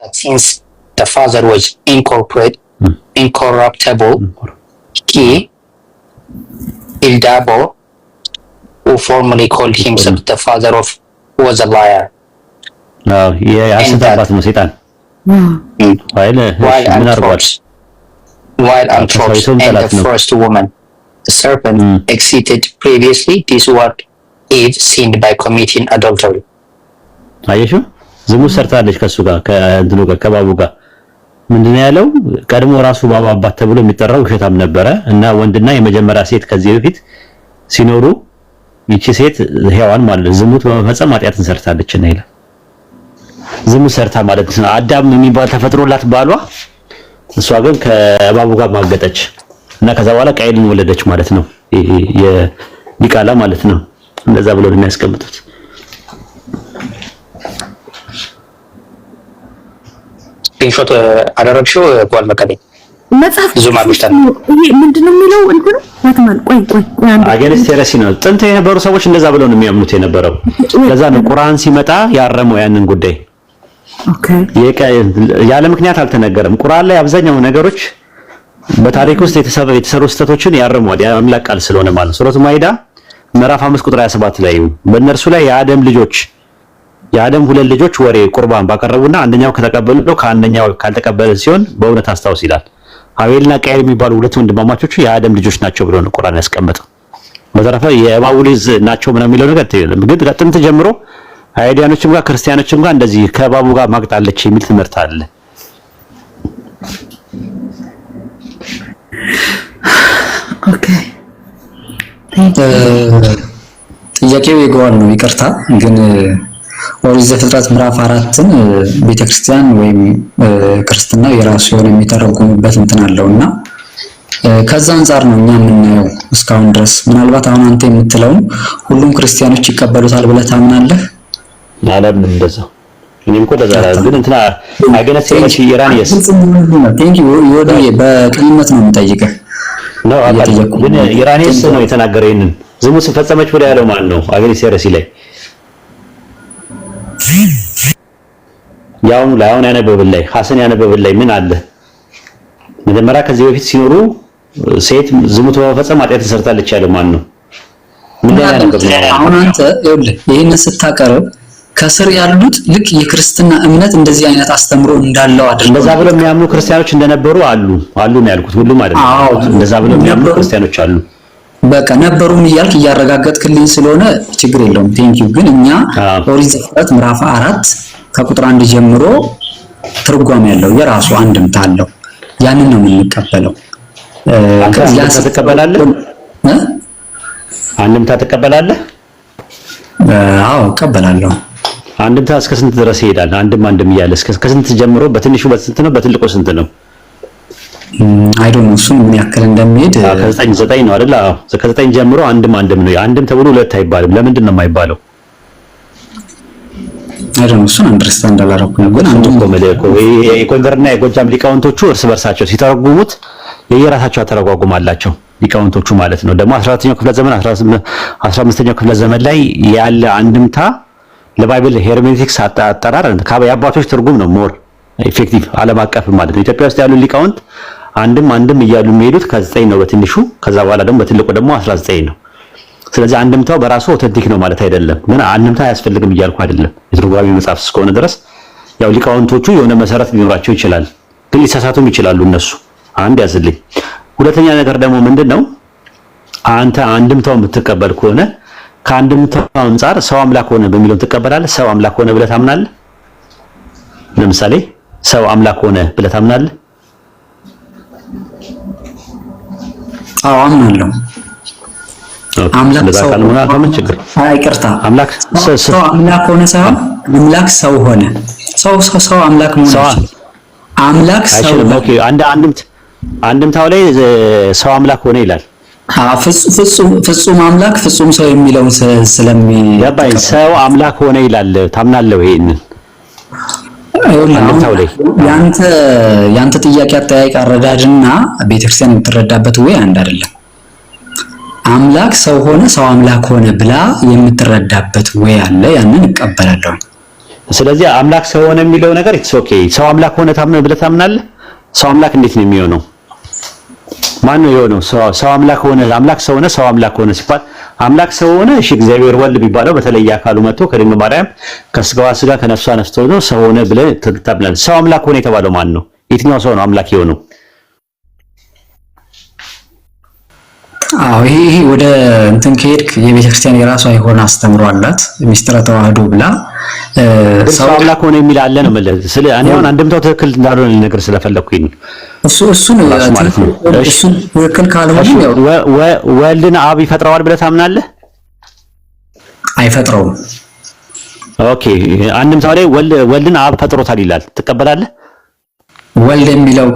that since the father was incorporate, mm. incorruptible, he, hmm. he, Ildabo, who formerly called himself mm. the father of, was a liar. No, yeah, and that, hmm. Hmm. Uh, while, while ah, and the first woman, the serpent mm. exceeded previously this what Eve sinned by committing adultery. Are you sure? ዝሙት ሰርታለች ከሱ ጋር ከእንትኑ ጋር ከባቡ ጋር ምንድን ነው ያለው? ቀድሞ ራሱ ባባ አባት ተብሎ የሚጠራው ውሸታም ነበረ እና ወንድና የመጀመሪያ ሴት ከዚህ በፊት ሲኖሩ ይቺ ሴት ሔዋን ማለት ዝሙት በመፈጸም ኃጢአትን ሰርታለች እና ይላል። ዝሙት ሰርታ ማለት ነው። አዳም የሚባል ተፈጥሮላት ባሏ፣ እሷ ግን ከባቡ ጋር ማገጠች እና ከዛ በኋላ ቀይልን ወለደች ማለት ነው። የዲቃላ ማለት ነው። እንደዛ ብሎ ነው የሚያስቀምጡት። ስክሪንሾት አደረግሽው ጓል መቀሌ መጽሐፍ ብዙ ማግስታል ይሄ ምንድነው የሚለው እንትኑ ወትማን ቆይ ቆይ አገንስት የረሲ ነው። ጥንት የነበሩ ሰዎች እንደዛ ብለው ነው የሚያምኑት የነበረው። ለዛ ነው ቁርአን ሲመጣ ያረመው ያንን ጉዳይ። ኦኬ ያለ ምክንያት አልተነገረም። ቁርአን ላይ አብዛኛው ነገሮች በታሪክ ውስጥ የተሰሩ የተሰሩ ስህተቶችን ያርመዋል። የአምላክ ቃል ስለሆነ ማለት ሱረቱ ማይዳ ምዕራፍ 5 ቁጥር 27 ላይ በእነርሱ ላይ የአደም ልጆች የአደም ሁለት ልጆች ወሬ ቁርባን ባቀረቡና አንደኛው ከተቀበሉ ነው ከአንደኛው ካልተቀበለ ሲሆን በእውነት አስታውስ ይላል። አቤልና ቃየል የሚባሉ ሁለት ወንድማማቾቹ የአደም ልጆች ናቸው ብሎ ነው ቁርአን ያስቀመጠው። በተረፈ የባቡሊዝ ናቸው ምናምን የሚለው ነገር ትይለም። ግን ከጥንት ጀምሮ አይዲያኖችም ጋር ክርስቲያኖችም ጋር እንደዚህ ከእባቡ ጋር ማግጣለች የሚል ትምህርት አለ። ኦኬ ጥያቄው የገዋን ነው። ይቅርታ ግን ኦሪት ዘፍጥረት ምዕራፍ አራትን ቤተክርስቲያን ወይም ክርስትና የራሱ የሆነ የሚተረጉምበት እንትን አለው እና ከዛ አንጻር ነው እኛ የምናየው እስካሁን ድረስ። ምናልባት አሁን አንተ የምትለውን ሁሉም ክርስቲያኖች ይቀበሉታል ብለህ ታምናለህ? ማለም እንደዛ እኔም እኮ ለዛ ግን እንትና አገነት ሰይመሽ ኢራን የስ ቴንክ በቅንነት ነው የምጠይቅህ ነው። ግን ኢራኔስ ነው የተናገረ ይሄንን ዝሙ ስፈጸመች ብሎ ያለው ማን ነው? አገነት ሰይረሲ ላይ ያውም ላይ ያነበብልኝ ሐሰን ያነበብልኝ ምን አለ? መጀመሪያ ከዚህ በፊት ሲኖሩ ሴት ዝሙት በመፈጸም ኃጢአት ተሰርታለች ያለው ማን ነው? ምን አሁን አንተ ይኸውልህ ይሄን ስታቀርብ ከስር ያሉት ልክ የክርስትና እምነት እንደዚህ አይነት አስተምሮ እንዳለው አድርገው እንደዛ ብለው የሚያምኑ ክርስቲያኖች እንደነበሩ አሉ አሉ ነው ያልኩት። ሁሉም አይደለም። እንደዛ ብለው የሚያምኑ ክርስቲያኖች አሉ። በቃ ነበሩም እያልክ እያረጋገጥክልኝ ስለሆነ ችግር የለውም። ቴንክ ዩ። ግን እኛ ኦሪት ዘፍጥረት ምዕራፍ አራት ከቁጥር አንድ ጀምሮ ትርጓሜ ያለው የራሱ አንድምታ አለው። ያንን ነው የምንቀበለው። ትቀበላለህ? አንድምታ ትቀበላለህ? አዎ እቀበላለሁ። አንድምታ እስከ ስንት ድረስ ይሄዳል? አንድም አንድም እያለ ከስንት ጀምሮ? በትንሹ በስንት ነው? በትልቁ ስንት ነው? አይዶ ነው እሱን ምን ያክል እንደሚሄድ ከዘጠኝ ዘጠኝ ነው አይደል? አዎ ከዘጠኝ ጀምሮ አንድም አንድም ነው። አንድም ተብሎ ሁለት አይባልም። ለምንድን ነው የማይባለው? አይዶ ነው እሱን አንደርስታንድ አላደረኩኝ። ግን አንድም ኮመለኮ የጎንደርና የጎጃም ሊቃውንቶቹ እርስ በርሳቸው ሲተረጉሙት የየራሳቸው አተረጓጉም አላቸው። ሊቃውንቶቹ ማለት ነው። ደግሞ 14ኛው ክፍለ ዘመን 15ኛው ክፍለ ዘመን ላይ ያለ አንድምታ ለባይብል ሄርሜኔቲክስ አጠራር የአባቶች ትርጉም ነው ሞር ኢፌክቲቭ ዓለም አቀፍ ማለት ነው። ኢትዮጵያ ውስጥ ያሉ ሊቃውንት አንድም አንድም እያሉ የሚሄዱት ከዘጠኝ ነው በትንሹ ከዛ በኋላ ደግሞ በትልቁ ደግሞ 19 ነው። ስለዚህ አንድምታው በራሱ ኦተንቲክ ነው ማለት አይደለም። ግን አንድምታ አያስፈልግም እያልኩ አይደለም። የትርጓሜ መጽሐፍ እስከሆነ ድረስ ያው ሊቃውንቶቹ የሆነ መሰረት ሊኖራቸው ይችላል፣ ግን ሊሳሳቱም ይችላሉ እነሱ። አንድ ያዝልኝ። ሁለተኛ ነገር ደግሞ ምንድነው አንተ አንድምታው የምትቀበል ከሆነ ከአንድምታው አንጻር ሰው አምላክ ሆነ በሚለው ትቀበላለህ። ሰው አምላክ ሆነ ብለህ ታምናለህ። ለምሳሌ ሰው አምላክ ሆነ ብለህ ታምናለህ። አዎ አምናለሁ። አምላክ ሰው አምላክ ሆነ ሳይሆን አምላክ ሰው ሆነ። ሰው ሰው ሰው አምላክ አምላክ ሰው አንድ አንድምት አንድምታው ላይ ሰው አምላክ ሆነ ይላል። ፍጹም አምላክ ፍጹም ሰው የሚለውን ስለሚ ሰው አምላክ ሆነ ይላል። ታምናለህ ይሄንን ያንተ ጥያቄ አጠያየቅ አረዳድና ቤተክርስቲያን የምትረዳበት ወይ አንድ አይደለም። አምላክ ሰው ሆነ፣ ሰው አምላክ ሆነ ብላ የምትረዳበት ወይ አለ። ያንን እቀበላለሁ። ስለዚህ አምላክ ሰው ሆነ የሚለው ነገር ኢትስ ኦኬ። ሰው አምላክ ሆነ ታምነ ብለህ ታምናለህ። ሰው አምላክ እንዴት ነው የሚሆነው? ማን ነው የሆነው? ሰው አምላክ ሆነ፣ አምላክ ሰው ሆነ፣ ሰው አምላክ ሆነ ሲባል አምላክ ሰው ሆነ። እሺ እግዚአብሔር ወልድ የሚባለው በተለየ አካሉ መጥቶ ከድንግል ማርያም ከስጋዋ ስጋ ከነፍሷ ነፍስ ሆኖ ሰው ሆነ ብለን ተብለን ሰው አምላክ ሆነ የተባለው ማን ነው? የትኛው ሰው ነው አምላክ የሆነው? አዎ ይሄ ወደ እንትን ከሄድክ የቤተክርስቲያን ክርስቲያን የራሷ የሆነ አስተምሮ አላት። ሚስጥረ ተዋህዶ ብላ ሰው አምላክ ሆነ የሚል አለ ነው ማለት ስለ እኔ አሁን አንድምታው ትክክል እንዳልሆነ ነገር ስለፈለኩኝ እሱ እሱ ነው ማለት ነው። እሱ ትክክል ካልሆነ ያው ወልድን አብ ይፈጥረዋል ብለህ ታምናለህ? አይፈጥረውም። ኦኬ አንድምታው ላይ ወልድን አብ ፈጥሮታል ይላል። ትቀበላለህ? ወልድ የሚለው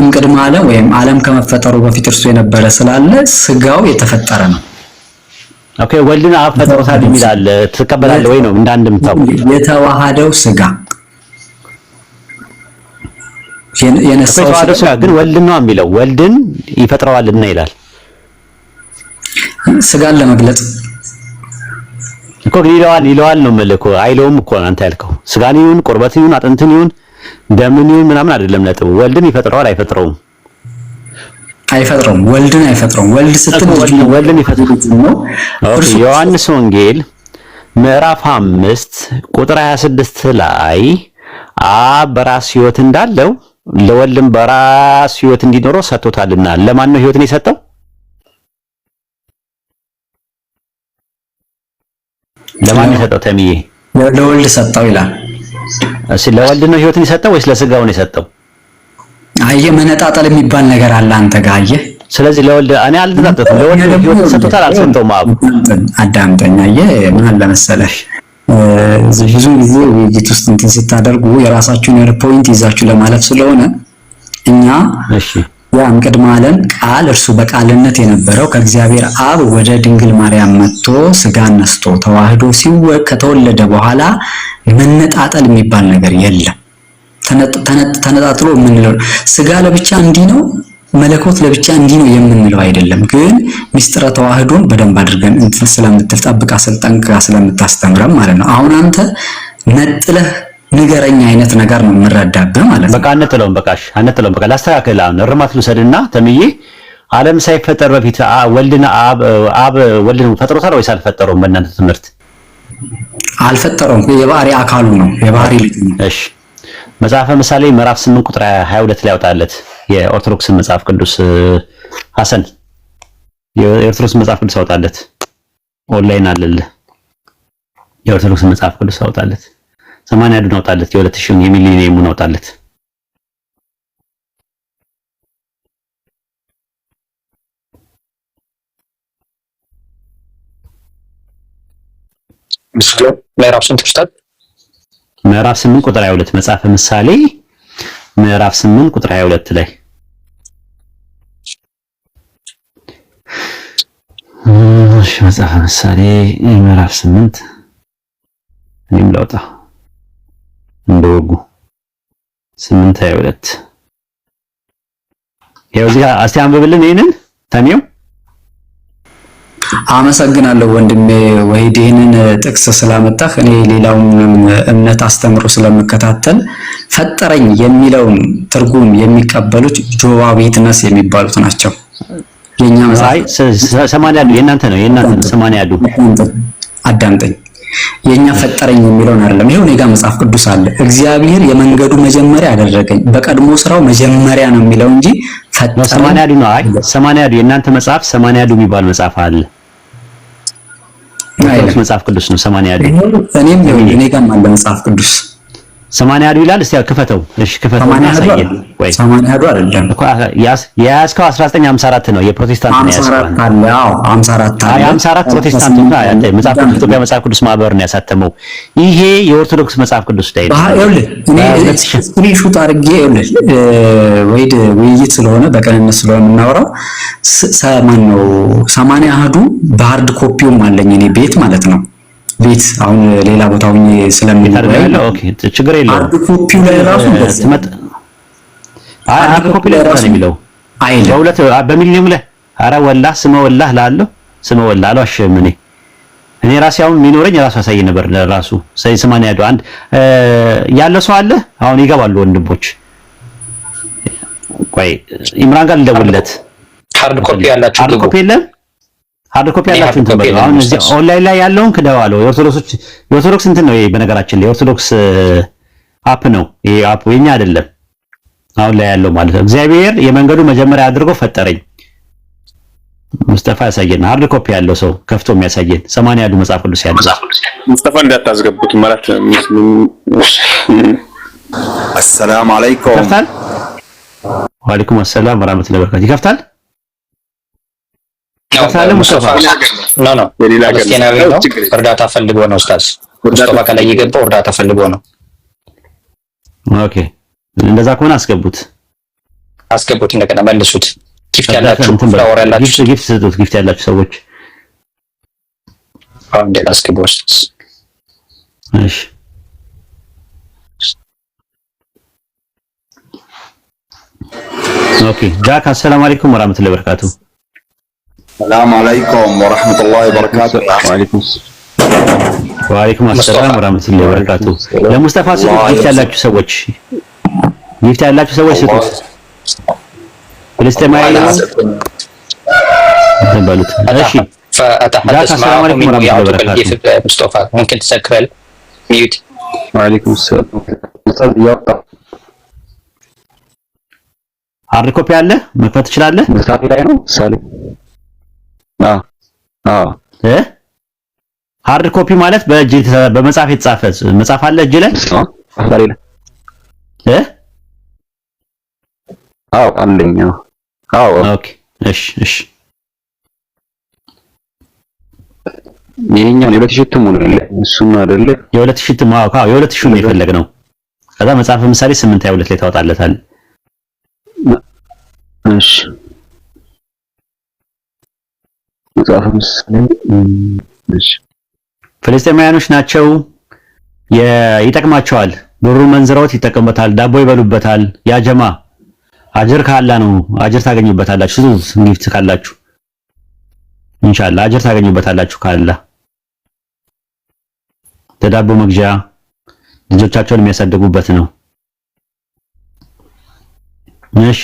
እምቅድመ ዓለም ወይም ዓለም ከመፈጠሩ በፊት እርሱ የነበረ ስላለ ስጋው የተፈጠረ ነው። ኦኬ ወልድን አብ ፈጥሮታል የሚል አለ። ትቀበላለህ ወይ ነው እንዳንድምታው የተዋሃደው ስጋ የነሳው ስጋ ግን ወልድን ነው የሚለው ወልድን ይፈጥረዋልና ይላል። ስጋን ለመግለጽ እኮ ግን ይለዋል ይለዋል ነው መልኩ አይለውም እኮ አንተ ያልከው ስጋን ይሁን ቁርበትን ይሁን አጥንትን ይሁን በምን ይሁን ምናምን አይደለም ነጥቡ። ወልድን ይፈጥረዋል አይፈጥረውም? አይፈጥረውም። ወልድን አይፈጥረውም። ወልድ ስትል ወልድን ነው። ዮሐንስ ወንጌል ምዕራፍ አምስት ቁጥር 26 ላይ አብ በራስ ሕይወት እንዳለው ለወልድም በራስ ሕይወት እንዲኖረው ሰጥቶታልና ለማን ነው ሕይወትን የሰጠው? ለማን የሰጠው? ተምዬ ለወልድ ሰጠው ይላል እሺ ለወልድ ነው ህይወትን የሰጠው ወይስ ለስጋው ነው የሰጠው? አየ መነጣጠል የሚባል ነገር አለ አንተ ጋር አየ። ስለዚህ ለወልድ እኔ አልተጣጠልኩም። ለወልድ ነው ህይወትን ሰጥቶታል አልሰጠውም? አብ አዳምጠኝ። አየ ምን አለ መሰለህ ብዙ ጊዜ ውይይት ውስጥ እንትን ስታደርጉ የራሳችሁን የሆነ ፖይንት ይዛችሁ ለማለፍ ስለሆነ እኛ ያም ቅድመ ዓለም ቃል እርሱ በቃልነት የነበረው ከእግዚአብሔር አብ ወደ ድንግል ማርያም መጥቶ ስጋ ነስቶ ተዋህዶ ሲወ ከተወለደ በኋላ መነጣጠል የሚባል ነገር የለም። ተነጣጥሎ የምንለው ስጋ ለብቻ እንዲህ ነው፣ መለኮት ለብቻ እንዲህ ነው የምንለው አይደለም። ግን ሚስጥረ ተዋህዶን በደንብ አድርገን እንትን ስለምትል ጠብቃ ስለምታስተምረም ማለት ነው። አሁን አንተ ነጥለህ ንገረኝ አይነት ነገር ነው የምረዳብህ ማለት ነው። በቃ አንጥለውም፣ በቃ አንጥለውም፣ በቃ ላስተካክል። አሁን እርማት ልውሰድና ተምዬ ዓለም ሳይፈጠር በፊት ወልድን አብ ወልድን ፈጥሮታል ወይስ አልፈጠረውም? በእናንተ ትምህርት አልፈጠረውም። የባህሪ አካሉ ነው፣ የባህሪ ልጅ ነው። እሺ መጽሐፈ ምሳሌ ምዕራፍ 8 ቁጥር 22 ላይ ያውጣለት የኦርቶዶክስ መጽሐፍ ቅዱስ ሐሰን የኦርቶዶክስ መጽሐፍ ቅዱስ አውጣለት። ኦንላይን አለልህ። የኦርቶዶክስ መጽሐፍ ቅዱስ አውጣለት። ሰማንያ ዱን አውጣለት፣ የሁለት ሺውን የሚሊኒየሙን አውጣለት። ምዕራፍ ስንት ቁጥር ምዕራፍ ስምንት ቁጥር 22 መጽሐፈ ምሳሌ ምዕራፍ ስምንት ቁጥር 22 ላይ እሺ፣ መጽሐፈ ምሳሌ ምዕራፍ ስምንት እኔም ላውጣ በወጉ ስምንት ሀያ ሁለት ያው እዚህ እስቲ አንብብልን ይሄንን ተኔው። አመሰግናለሁ ወንድሜ ወሂድ ይህንን ጥቅስ ስላመጣህ። እኔ ሌላውንም እምነት አስተምሮ ስለምከታተል ፈጠረኝ የሚለውን ትርጉም የሚቀበሉት ጆባዊት ነስ የሚባሉት ናቸው። የኛ መጽሐፍ ሰማንያ ያሉ የእናንተ ነው የእናንተ ነው ሰማንያ ያሉ አዳምጠኝ የኛ ፈጠረኝ የሚለውን አይደለም። ይሄው እኔ ጋር መጽሐፍ ቅዱስ አለ። እግዚአብሔር የመንገዱ መጀመሪያ አደረገኝ፣ በቀድሞ ስራው መጀመሪያ ነው የሚለው እንጂ ሰማንያዱ ነው። አይ ሰማንያዱ የእናንተ መጽሐፍ ሰማንያዱ የሚባል መጽሐፍ አለ። አይ መጽሐፍ ቅዱስ ነው ሰማንያዱ። እኔም እኔ ጋር አለ መጽሐፍ ቅዱስ ሰማንያ አዱ ይላል። እስቲ ክፈተው። እሺ ክፈተው። ወይ አይደለም 1954 ነው። የፕሮቴስታንት ነው 54 54 ፕሮቴስታንት ነው መጽሐፍ ቅዱስ ኢትዮጵያ ቅዱስ ማህበር ነው ያሳተመው። ይሄ የኦርቶዶክስ መጽሐፍ ቅዱስ ላይ ነው። ውይይት ስለሆነ በቀንነት ስለሆነ የምናወራው ሰማን ነው። ሰማንያ አዱ በሃርድ ኮፒውም አለኝ እኔ ቤት ማለት ነው ቤት አሁን ሌላ ቦታ ሆኜ ስለምንወያይ ችግር የለውም። ኮፒ ላይ ራሱ አንድ ኮፒ ላይ ራሱ የሚለው አይ በሁለት በሚሊዮን ላይ አረ ወላህ ስመ ወላህ ላለው ስመ ወላህ አልዋሽም። እኔ እኔ ራሴ አሁን የሚኖረኝ ራሱ አሳይ ነበር ራሱ ሰይ ያዱ አንድ ያለ ሰው አለ። አሁን ይገባሉ ወንድሞች። ቆይ ኢምራን ጋር ልደውልለት። ካርድ ኮፒ ያላችሁ ሃርድ ኮፒ የለም ሀርድ ኮፒ ያላችሁን ተበሉ። አሁን እዚህ ኦንላይን ላይ ያለውን ክደዋለሁ። የኦርቶዶክሶች የኦርቶዶክስ እንትን ነው ይሄ። በነገራችን ላይ የኦርቶዶክስ አፕ ነው ይሄ አፕ የኛ አይደለም። አሁን ላይ ያለው ማለት ነው። እግዚአብሔር የመንገዱ መጀመሪያ አድርጎ ፈጠረኝ። ሙስጠፋ ያሳየን ሀርድ ኮፒ ያለው ሰው ከፍቶ የሚያሳየን ሰማንያ ያሉ መጽሐፍ ቅዱስ ያለው ሙስጠፋ እንዳታስገቡት ማለት አሰላም አለይኩም ወአለይኩም አሰላም ወራህመቱላሂ ወበረካቱ ይከፍታል ኖ ኖ ነው። እርዳታ ፈልጎ ነው ኡስታዝ ሙስጠፋ ከላይ የገባው እርዳታ ፈልጎ ነው። ኦኬ እንደዛ ከሆነ አስገቡት፣ አስገቡት፣ እንደገና መልሱት። ጊፍት ያላችሁ ፍላወር ያላችሁ ጊፍት ስጡት፣ ጊፍት ያላችሁ ሰዎች አሁን እንደዛ አስገቡ። እሺ ኦኬ ጃክ፣ አሰላሙ አለይኩም ወራህመቱላሂ ወበረካቱሁ السلام عليكم ورحمة الله وبركاته وعليكم السلام وعليكم السلام ورحمة الله وبركاته ለሙስጠፋ ስጡት ጊፍት ያላችሁ ሰዎች ጊፍት ያላችሁ ሰዎች ስጡት ፍልስጤማዊ ተባሉት እሺ فأتحدث معكم من يعطوك مصطفى ممكن تسكر ميوت وعليكم السلام ሀርድ ኮፒ አለ መክፈት ትችላለህ። መሳፊ ላይ ነው ምሳሌ ሃርድ ኮፒ ማለት በእጅ በመጽሐፍ የተጻፈ መጽሐፍ አለ እጅ ላይ እ አዎ አለኝ። ኦኬ። እሺ፣ እሺ። ይሄኛው የሁለት ሺህ እትሙ ነው ያለ እሱም አይደለ? የሁለት ሺህ እትሙ አዎ፣ አዎ የሁለት ሺህ ነው የፈለግነው። ከዛ መጽሐፍ ምሳሌ 8 22 ላይ ታወጣለታል። እሺ መጽሐፈ ምሳሌ ፍልስጤማውያኖች ናቸው፣ ይጠቅማቸዋል። ብሩ መንዝረውት ይጠቀሙበታል፣ ዳቦ ይበሉበታል። ያጀማ አጀር ካላ ነው። አጀር ታገኙበታላችሁ። ዙዝ ጊፍት ካላችሁ ኢንሻአላህ አጀር ታገኙበታላችሁ። ካላ ለዳቦ መግዣ ልጆቻቸውን የሚያሳድጉበት ነው። እሺ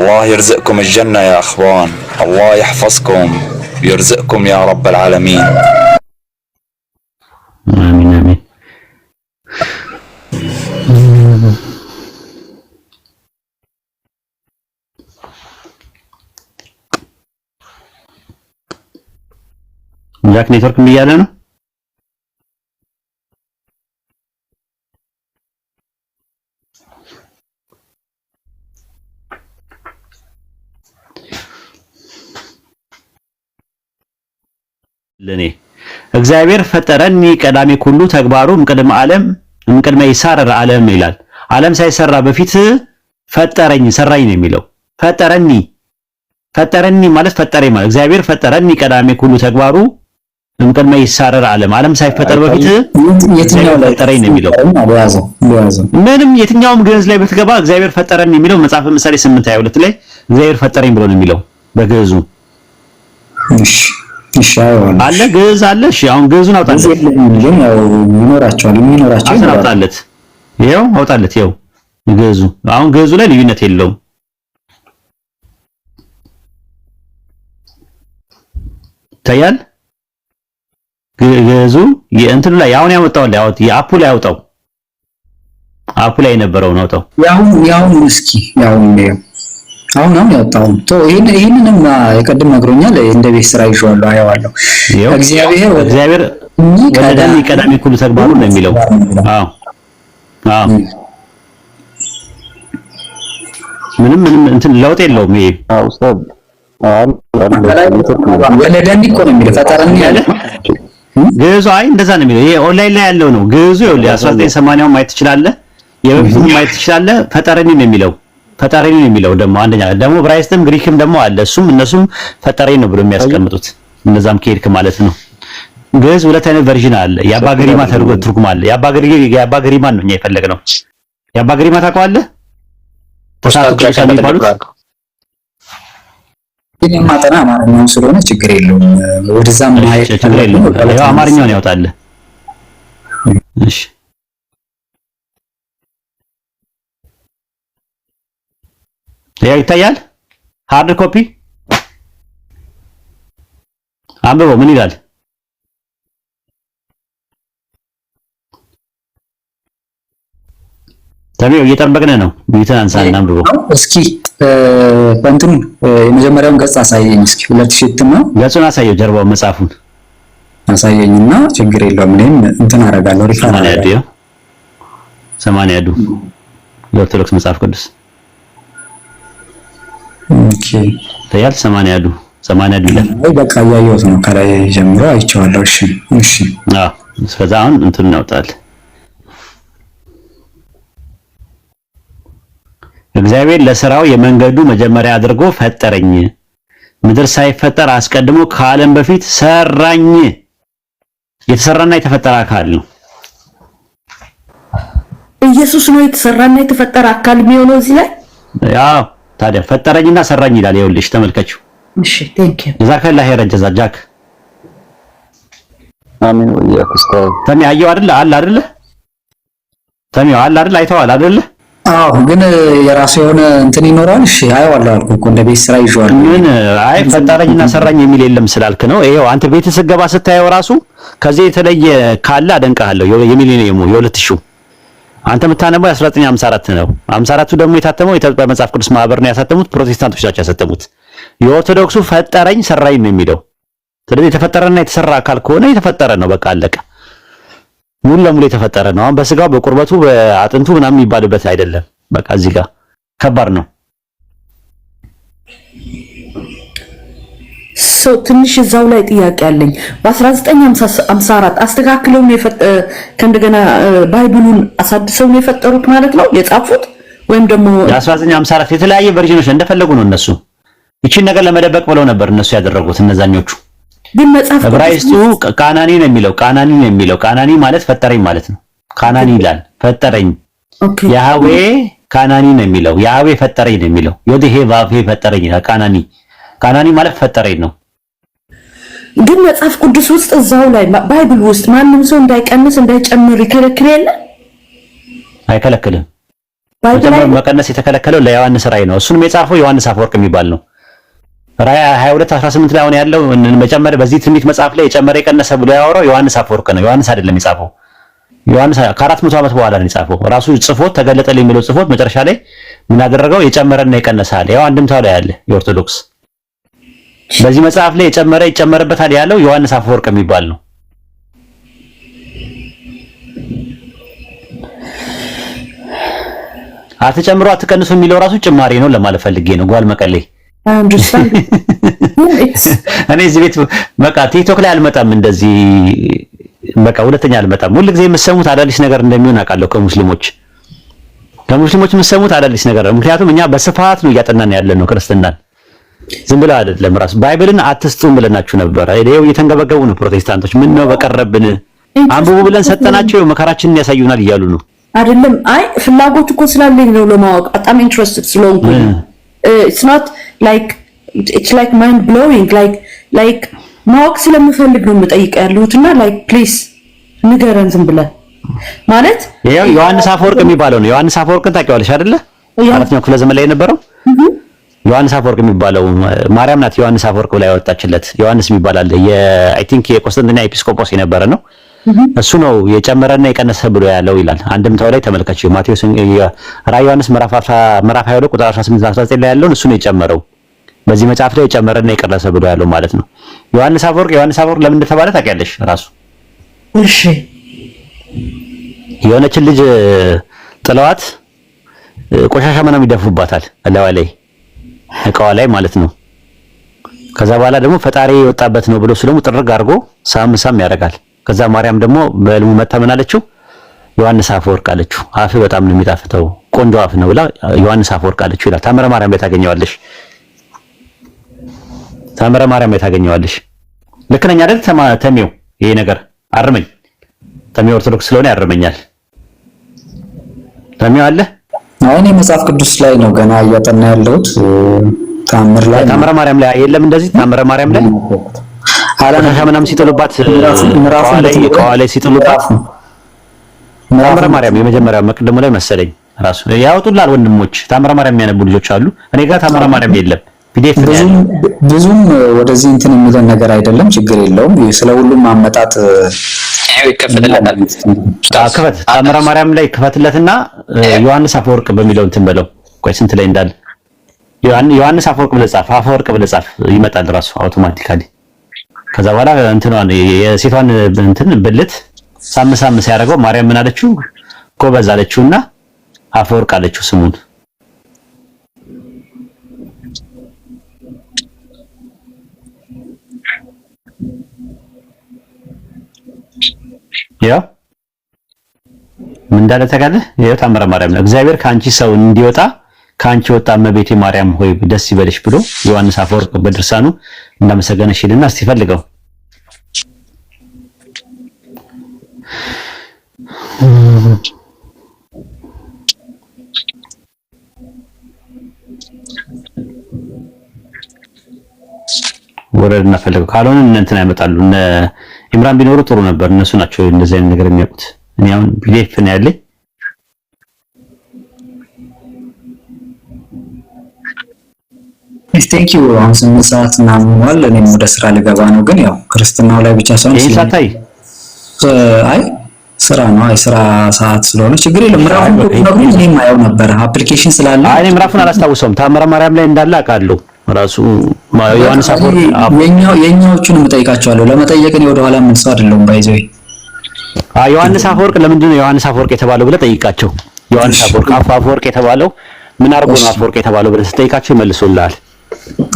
الله يرزقكم الجنة يا أخوان الله يحفظكم يرزقكم يا رب العالمين آمين آمين جاك نيتورك لنا؟ ለኔ እግዚአብሔር ፈጠረኒ ቀዳሚ ኩሉ ተግባሩ እምቅድመ ዓለም እምቅድመ ይሳረር ዓለም ይላል። ዓለም ሳይሰራ በፊት ፈጠረኝ ሰራኝ ነው የሚለው። ፈጠረኒ ፈጠረኒ ማለት ፈጠረኝ ማለት እግዚአብሔር ፈጠረኒ ቀዳሚ ኩሉ ተግባሩ እምቅድመ ይሳረር ዓለም ዓለም ሳይፈጠር በፊት የትኛው ፈጠረኝ ነው የሚለው? ምንም የትኛውም ግዕዝ ላይ ብትገባ እግዚአብሔር ፈጠረን የሚለው መጽሐፈ ምሳሌ 8:22 ላይ እግዚአብሔር ፈጠረኝ ብሎ ነው የሚለው በግዕዙ። እሺ አለ ግዕዝ አለ። እሺ አሁን ግዕዙን አውጣለት። ያው ይኖራቸዋል የሚኖራቸው አውጣለት። አውጣለት። ግዕዙ አሁን ግዕዙ ላይ ልዩነት የለውም። ይታያል። ግዕዙ የእንትኑ ላይ አሁን ያመጣው ላይ የአፑ ላይ አውጣው። አፑ ላይ የነበረውን አውጣው። ያው ያው እስኪ ያው ነው አሁን አሁን ያወጣው ቶ ይሄን ይሄንንም የቀድም ነግሮኛል። እንደ ቤት ስራ ይዤዋለሁ፣ አየዋለሁ። እግዚአብሔር እግዚአብሔር ወለደን ይቀዳሚ ሁሉ ተግባሩ ነው የሚለው። አዎ አዎ፣ ምንም ምንም እንትን ለውጥ የለውም። ይሄ አዎ ኡስታዝ፣ ወለደን እኮ ነው የሚለው ፈጠረን ያለ ግዕዙ። አይ እንደዛ ነው የሚለው። ይሄ ኦንላይን ላይ ያለው ነው ግዕዙ። ይኸውልህ 1980 ማየት ትችላለህ፣ የበፊቱን ማየት ትችላለህ። ፈጠረን ነው የሚለው ፈጣሪ ነው የሚለው ደግሞ አንደኛ ደግሞ ዕብራይስጥም ግሪክም ደግሞ አለ። እሱም እነሱም ፈጣሪ ነው ብሎ የሚያስቀምጡት እነዛም ከሄድክ ማለት ነው። ግዕዝ ሁለት አይነት ቨርዥን አለ። የአባ ገሪማ ተርጎ ትርጉም አለ። የአባ ገሪማ የአባ ገሪማ ነው እኛ የፈለግነው። የአባ ገሪማ ታውቀዋለህ? ተሳቱ ቅዱሳን የሚባሉት ግን የማጠና አማርኛውን ስለሆነ ችግር የለውም። ወደዛም ማየት ችግር የለውም። አማርኛውን ያወጣል። እሺ ያው ይታያል። ሃርድ ኮፒ አንብበው ምን ይላል? ተብዬው እየጠበቅን ነው። ቢትን አንሳና አንብበው እስኪ በእንትኑ የመጀመሪያውን ገጽ አሳየኝ እስኪ። ሁለት ሺት ነው ገጹን አሳየው፣ ጀርባው መጽሐፉን አሳየኝና ችግር የለውም እኔም እንትን አደርጋለሁ። ሪፈር ሰማንያ ዱ የኦርቶዶክስ መጽሐፍ ቅዱስ ታያል። ዱ ዱ ይላል። በቃ እያየሁት ነው ከላይ ጀምሮ አይቼዋለሁ። እሺ እሺ። አዎ እስከዛ አሁን እንትን እግዚአብሔር ለሥራው የመንገዱ መጀመሪያ አድርጎ ፈጠረኝ። ምድር ሳይፈጠር አስቀድሞ ከዓለም በፊት ሰራኝ። የተሰራና የተፈጠረ አካል ነው። ኢየሱስ ነው የተሰራና የተፈጠረ አካል የሚሆነው እዚህ ላይ ያው ታዲያ ፈጠረኝና ሰራኝ ይላል። ይኸውልሽ ተመልከችው። እሺ ቴንክ ዩ ጀዛከላ ኸይረን ጀዛ ጃክ አሜን ወያ ክስታ ተሚ አየው አይደለ አለ አይደለ ተሚ አለ አይደለ አይተዋል አይደለ? አዎ ግን የራሱ የሆነ እንትን ይኖራል። እሺ አየዋለሁ አልኩ እኮ እንደ ቤት ስራ ይዤዋለሁ። ምን አይ ፈጣረኝና ሰራኝ የሚል የለም ስላልክ ነው። ይሄው አንተ ቤት ስገባ ስታየው ራሱ ከዚህ የተለየ ካለ አደንቀሃለሁ። የሚሊኒየሙ የሁለት ሺው አንተ የምታነበው 1954 ነው። 54ቱ ደግሞ የታተመው የኢትዮጵያ መጽሐፍ ቅዱስ ማህበር ነው ያሳተሙት፣ ፕሮቴስታንቶች ናቸው ያሳተሙት። የኦርቶዶክሱ ፈጠረኝ ሰራኝ ነው የሚለው። ስለዚህ የተፈጠረና የተሰራ አካል ከሆነ የተፈጠረ ነው፣ በቃ አለቀ። ሙሉ ለሙሉ የተፈጠረ ነው። አሁን በስጋው በቁርበቱ በአጥንቱ ምናምን የሚባልበት አይደለም። በቃ እዚህ ጋር ከባድ ነው። ሰው ትንሽ እዛው ላይ ጥያቄ አለኝ። በ1954 አስተካክለው ከእንደገና ባይብሉን አሳድሰው ነው የፈጠሩት ማለት ነው የጻፉት ወይም ደግሞ የ1954 የተለያየ ቨርዥኖች እንደፈለጉ ነው እነሱ። ይቺን ነገር ለመደበቅ ብለው ነበር እነሱ ያደረጉት እነዛኞቹ። ግን መጽሐፍ ዕብራይስጡ ቃናኒ ነው የሚለው ቃናኒ ነው የሚለው ቃናኒ ማለት ፈጠረኝ ማለት ነው። ቃናኒ ይላል ፈጠረኝ። ያህዌ ካናኒ ነው የሚለው ያህዌ ፈጠረኝ ነው የሚለው ዮዴሄ ቫፌ ፈጠረኝ ካናኒ ካናኒ ማለት ፈጠረኝ ነው። ግን መጽሐፍ ቅዱስ ውስጥ እዛው ላይ ባይብል ውስጥ ማንም ሰው እንዳይቀንስ እንዳይጨምር ይከለክል የለ? አይከለክልም። መቀነስ የተከለከለው ለዮሐንስ ራእይ ነው። እሱንም የጻፈው ዮሐንስ አፈወርቅ የሚባል ነው። ራእይ 22 18 ላይ አሁን ያለው መጨመር በዚህ ትንቢት መጽሐፍ ላይ የጨመረ የቀነሰ ብሎ ያወራው ዮሐንስ አፈወርቅ ነው። ዮሐንስ አይደለም የጻፈው። ዮሐንስ ከአራት መቶ ዓመት በኋላ ነው የጻፈው። ራሱ ጽፎት ተገለጠልኝ የሚለው ጽፎት መጨረሻ ላይ ምን አደረገው? የጨመረና የቀነሰ አለ። ያው አንድምታው ላይ አለ የኦርቶዶክስ በዚህ መጽሐፍ ላይ የጨመረ ይጨመርበታል ያለው ዮሐንስ አፈወርቅ የሚባል ነው። አትጨምሩ አትቀንሱ የሚለው ራሱ ጭማሪ ነው ለማለት ፈልጌ ነው። ጓል መቀሌ እኔ እዚህ ቤት በቃ ቲክቶክ ላይ አልመጣም፣ እንደዚህ በቃ ሁለተኛ አልመጣም። ሁል ጊዜ የምትሰሙት አዳዲስ ነገር እንደሚሆን አውቃለሁ። ከሙስሊሞች ከሙስሊሞች የምትሰሙት አዳዲስ ነገር፣ ምክንያቱም እኛ በስፋት ነው እያጠናን ያለ ነው ክርስትናን ዝም ብለ አይደለም ራስ ባይብልን አትስጡም ብለናችሁ ነበረ። ይሄው እየተንገበገቡ ነው ፕሮቴስታንቶች። ምን ነው በቀረብን አንብቡ ብለን ሰጠናቸው፣ መከራችንን ያሳዩናል እያሉ ነው አይደለም። አይ ፍላጎት እኮ ስላለኝ ነው ለማወቅ በጣም ኢንትረስትድ ስለሆንኩ ኢትስ ኖት ላይክ ኢትስ ላይክ ማይንድ ብሎዊንግ ላይክ ላይክ ማወቅ ስለምፈልግ ነው የምጠይቀው ያለሁትና ላይክ ፕሊዝ ንገረን ዝም ብለን ማለት ይሄው ዮሐንስ አፈወርቅ የሚባለው ነው። ዮሐንስ አፈወርቅን ታውቂዋለሽ አይደለ? አራተኛው ክፍለ ዘመን ላይ የነበረው ዮሐንስ አፈወርቅ የሚባለው ማርያም ናት። ዮሐንስ አፈወርቅ ብላ ያወጣችለት ዮሐንስ የሚባል አለ። አይ ቲንክ የኮንስታንቲና ኤጲስቆጶስ የነበረ ነው። እሱ ነው የጨመረና የቀነሰ ብሎ ያለው ይላል። አንድምታው ላይ ተመልከች። ማቴዎስ ራዕይ ዮሐንስ ምዕራፍ 22 ቁጥር 18 19 ላይ ያለውን እሱ ነው የጨመረው። በዚህ መጽሐፍ ላይ የጨመረና የቀነሰ ብሎ ያለው ማለት ነው። ዮሐንስ አፈወርቅ ዮሐንስ አፈወርቅ ለምን እንደተባለ ታውቂያለሽ? ራሱ እሺ የሆነችን ልጅ ጥለዋት ቆሻሻ ምናምን ይደፉባታል ላይ እቃዋ ላይ ማለት ነው። ከዛ በኋላ ደግሞ ፈጣሪ የወጣበት ነው ብሎ ስለሙ ጥርግ አድርጎ ሳም ሳም ያደርጋል። ከዛ ማርያም ደግሞ በህልሙ መታ ምን አለችው? ዮሐንስ አፈወርቅ አለችው። አፍ በጣም ነው የሚጣፍተው ቆንጆ አፍ ነው ብላ ዮሐንስ አፈወርቅ አለችው ይላል። ታምረ ማርያም ላይ ታገኘዋለሽ። ታምረ ማርያም ላይ ታገኘዋለሽ። ልክ ነኝ አይደል? ይሄ ነገር አርመኝ። ተሚው ኦርቶዶክስ ስለሆነ ያርመኛል። ተሚው አለ እኔ መጽሐፍ ቅዱስ ላይ ነው ገና እያጠና ያለሁት። ታምር ላይ ታምረ ማርያም ላይ የለም እንደዚህ ታምረ ማርያም ላይ አላነሻ ምናምን ሲጥሉባት ምራፉ ላይ ላይ ሲጥሉባት ታምረ ማርያም የመጀመሪያው መቅደሙ ላይ መሰለኝ ራሱ ያውጡላል። ወንድሞች። ታምረ ማርያም የሚያነቡ ልጆች አሉ። እኔ ጋር ታምረ ማርያም የለም። ፒዲኤፍ ብዙም ወደዚህ እንትን የሚለን ነገር አይደለም። ችግር የለውም። ስለ ሁሉም አመጣጥ ሰማያዊ ይከፈትለታል። ክፈት ታምረ ማርያም ላይ ክፈትለትና ዮሐንስ አፈወርቅ በሚለው እንትን በለው። ቆይ ስንት ላይ እንዳለ ዮሐንስ አፈወርቅ ብለህ ጻፍ፣ አፈወርቅ ብለህ ጻፍ፣ ይመጣል ራሱ አውቶማቲካሊ። ከዛ በኋላ እንትኗን የሴቷን እንትን ብልት ሳም ሳም ሲያደርገው ማርያም ምን አለችው? ጎበዝ አለችውና አፈወርቅ አለችው ስሙን ያው ምን እንዳለ ታውቃለህ? ያው ታምረ ማርያም ነው እግዚአብሔር ከአንቺ ሰው እንዲወጣ ከአንቺ ወጣ እመቤቴ ማርያም ሆይ ደስ ይበልሽ ብሎ ዮሐንስ አፈወርቅ በድርሳኑ እንዳመሰገነሽ ይልና እስቲ ፈልገው ወረድና ፈልገው ካልሆነ እንትን አይመጣሉ ኢምራን ቢኖሩ ጥሩ ነበር። እነሱ ናቸው እንደዚህ አይነት ነገር የሚያውቁት። እኔ አሁን ፒዲኤፍ ነው ያለኝ። ቴንክ ዩ። አሁን ስምንት ሰዓት ምናምን ሆኗል። እኔም ወደ ስራ ልገባ ነው። ግን ያው ክርስትናው ላይ ብቻ ሳይሆን ይሄ ሰዓት አይ አይ ስራ ነው። አይ ስራ ሰዓት ስለሆነ ችግር የለም። ምራፉን ነው እኔም አየው ነበር አፕሊኬሽን ስላለ። አይ ምራፉን አላስታውሰውም። ታምረ ማርያም ላይ እንዳለ አውቃለሁ። ራሱ ዮሐንስ አፈወርቅ የኛዎቹን እጠይቃቸዋለሁ። ለመጠየቅ ነው ወደ ኋላ ምን ሰው አይደለሁም። ባይዘው ዮሐንስ አፈወርቅ ለምንድን ነው ዮሐንስ አፈወርቅ የተባለው ብለህ ጠይቃቸው። ዮሐንስ አፈወርቅ አፈወርቅ የተባለው ምን አርጎ ነው አፈወርቅ የተባለው ብለህ ስጠይቃቸው ይመልሱልሃል።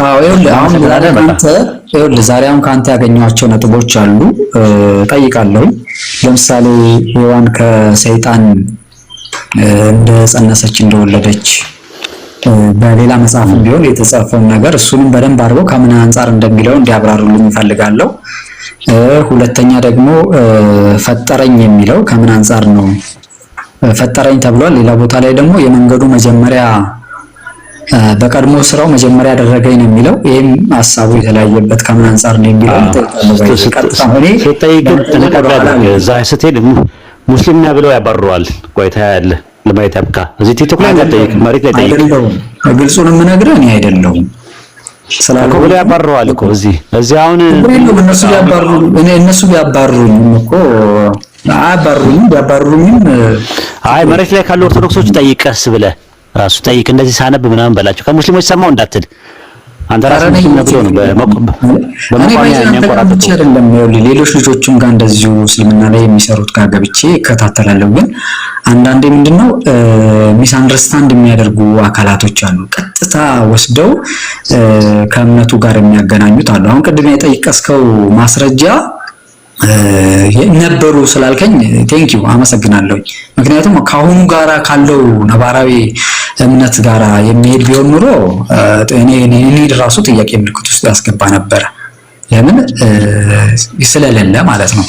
አዎ ይኸውልህ አሁን ዛሬ አንተ ይኸውልህ ዛሬ አሁን ከአንተ ያገኘኋቸው ነጥቦች አሉ ጠይቃለሁ። ለምሳሌ ሔዋን ከሰይጣን እንደ ጸነሰች እንደወለደች በሌላ መጽሐፍ ቢሆን የተጻፈውን ነገር እሱንም በደንብ አድርገው ከምን አንጻር እንደሚለው እንዲያብራሩልኝ እፈልጋለሁ። ሁለተኛ ደግሞ ፈጠረኝ የሚለው ከምን አንጻር ነው ፈጠረኝ ተብሏል። ሌላ ቦታ ላይ ደግሞ የመንገዱ መጀመሪያ በቀድሞ ስራው መጀመሪያ ያደረገኝ ነው የሚለው ይህም ሀሳቡ የተለያየበት ከምን አንጻር ነው የሚለው ስትሄድ ሙስሊም ነህ ብለው ያባርረዋል። ቆይታ ያለ ለማየት ያብቃ። እዚህ ቲክቶክ ላይ ጠይቅ፣ መሬት ላይ ጠይቅ። ግልጹን የምነግርህ እኔ አይደለሁም ስላልኩ ብሎ ያባርረዋል እኮ እዚህ እዚህ አሁን እነሱ ቢያባርሩ እኔ እነሱ ቢያባርሩኝ እኮ አያባርሩኝም። ቢያባርሩኝም አይ መሬት ላይ ካሉ ኦርቶዶክሶች ጠይቀስ ብለህ ራሱ ጠይቅ። እንደዚህ ሳነብ ምናምን በላቸው ከሙስሊሞች ሰማው እንዳትል አንተ ራስህ ምንድነው ነው በመቋሚያ የሚያቆራጥጡ አይደለም። ሌሎች ልጆችም ጋር እንደዚሁ እስልምና ላይ የሚሰሩት ጋር ገብቼ እከታተላለሁ። ግን አንዳንዴ ምንድነው ሚስ አንደርስታንድ የሚያደርጉ አካላቶች አሉ። ቀጥታ ወስደው ከእምነቱ ጋር የሚያገናኙት አሉ። አሁን ቅድም የጠየቀስከው ማስረጃ ነበሩ ስላልከኝ ቴንኪው አመሰግናለሁኝ። ምክንያቱም ከአሁኑ ጋራ ካለው ነባራዊ እምነት ጋር የሚሄድ ቢሆን ኑሮ እኔ ራሱ ጥያቄ ምልክት ውስጥ ያስገባ ነበረ። ለምን ስለሌለ ማለት ነው።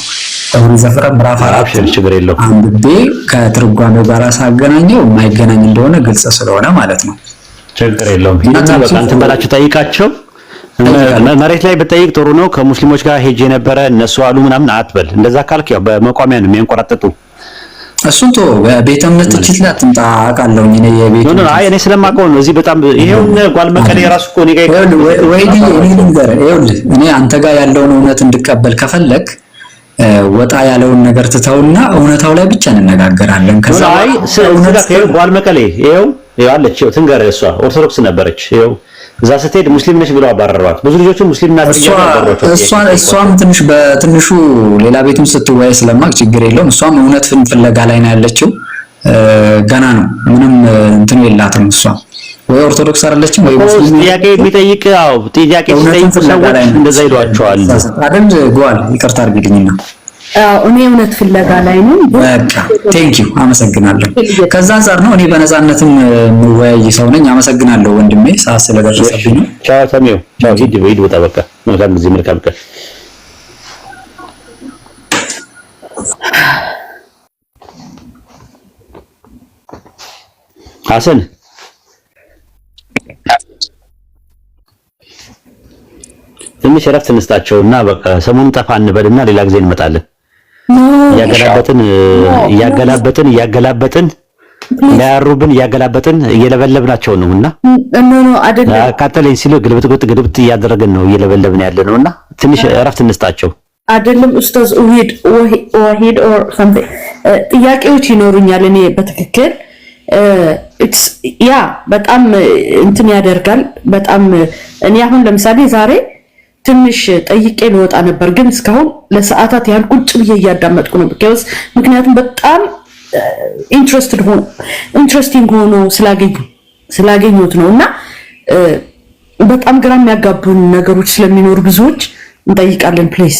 ኦሪት ዘፍጥረት ምዕራፍ አራት አንብቤ ከትርጓሜው ሳገናኘው የማይገናኝ እንደሆነ ግልጽ ስለሆነ ማለት ነው። ችግር የለውም። በቃ እንትን በላችሁ ጠይቃቸው መሬት ላይ ብጠይቅ ጥሩ ነው። ከሙስሊሞች ጋር ሄጄ ነበረ እነሱ አሉ ምናምን አትበል። እንደዛ ካልክ ያው በመቋሚያ ነው የሚያንቆራጥጡ። እሱን ቶ ቤተ እምነት ትችት ላይ አትምጣ። አውቃለሁ እኔ የቤት ነው። አይ እኔ ስለማውቀው ነው። እዚህ በጣም ይሄው ጓል መቀሌ የራሱ እኮ እኔ ጋር ወይ ዲ እኔ ልንገር፣ ይኸውልህ እኔ አንተ ጋር ያለውን እውነት እንድቀበል ከፈለክ ወጣ ያለውን ነገር ትተውና እውነታው ላይ ብቻ እንነጋገራለን። ከዛ አይ ጓል መቀሌ ይኸው ያለች ትንገር፣ እሷ ኦርቶዶክስ ነበረች ይኸው እዛ ስትሄድ ሙስሊም ነች ብለው አባረሯት። ብዙ ልጆቹ ሙስሊም ናት እሷን እሷም ትንሽ በትንሹ ሌላ ቤትም ስትወያይ ስለማቅ ችግር የለውም። እሷም እውነት ፍን ፍለጋ ላይ ነው ያለችው። ገና ነው፣ ምንም እንትኑ የላትም። እሷ ወይ ኦርቶዶክስ አይደለችም ወይ ሙስሊም ጥያቄ ቢጠይቅ አው ጥያቄ ሲጠይቅ ሰዎች እንደዛ ይሏቸዋል አደም ጓል ይቅርታ አድርግልኝና እኔ እውነት ፍለጋ ላይ ነው። በቃ ቴንክ ዩ አመሰግናለሁ። ከዛ አንጻር ነው እኔ በነፃነትም የምወያይ ሰው ነኝ። አመሰግናለሁ ወንድሜ ሰዓት ስለደረሰብኝ። ቻው ሰሚው፣ ቻው ሂድ ሂድ፣ ወጣ በቃ። መልካም ጊዜ፣ መልካም ቀን። ሐሰን ትንሽ እረፍት እንስጣቸውና በቃ ሰሞኑን ጠፋ እንበልና ሌላ ጊዜ እንመጣለን። እያገላበጥን እያገላበጥን እያገላበጥን እንዳያሩብን እያገላበጥን እየለበለብናቸው ነው እና አቃጠለኝ ሲሉ ግልብጥ ግልብጥ ግልብጥ እያደረግን ነው እየለበለብን ያለ ነው እና ትንሽ እረፍት እንስጣቸው። አይደለም ኡስታዝ ሂድ ዋሂድ ኦር ሰምቲንግ ጥያቄዎች ይኖሩኛል። እኔ በትክክል ያ በጣም እንትን ያደርጋል። በጣም እኔ አሁን ለምሳሌ ዛሬ ትንሽ ጠይቄ ልወጣ ነበር፣ ግን እስካሁን ለሰዓታት ያህል ቁጭ ብዬ እያዳመጥኩ ነው። ቢካዝ ምክንያቱም በጣም ኢንትረስትድ ሆኖ ኢንትረስቲንግ ሆኖ ስላገኙት ነው እና በጣም ግራ የሚያጋቡን ነገሮች ስለሚኖሩ ብዙዎች እንጠይቃለን። ፕሌስ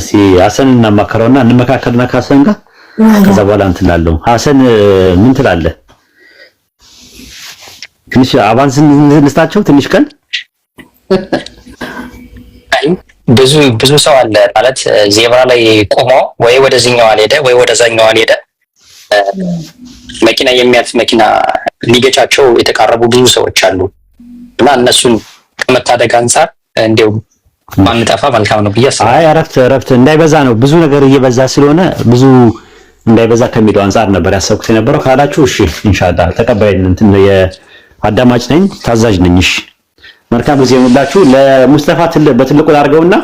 እሺ፣ ሀሰን እናማከረውና እንመካከልና ከሀሰን ጋር ከዛ በኋላ እንትላለሁ። ሀሰን ምን ትላለህ? ትንሽ አቫንስ እንስጣቸው ትንሽ ቀን ላይም ብዙ ብዙ ሰው አለ ማለት ዜብራ ላይ ቆሞ ወይ ወደዚኛው አልሄደ ወይ ወደዛኛው አልሄደ መኪና የሚያልፍ መኪና ሊገጫቸው የተቃረቡ ብዙ ሰዎች አሉ እና እነሱን ከመታደግ አንጻር እንዲው ማንጠፋ መልካም ነው ብዬ አይ እረፍት እረፍት እንዳይበዛ ነው። ብዙ ነገር እየበዛ ስለሆነ ብዙ እንዳይበዛ ከሚለው አንጻር ነበር ያሰብኩት የነበረው ካላችሁ፣ እሺ ኢንሻአላህ ተቀባይ እንትን የአዳማጭ ነኝ ታዛዥ ነኝ። እሺ መልካም ጊዜ ይሁንላችሁ። ለሙስጠፋ በትልቁ ላድርገውና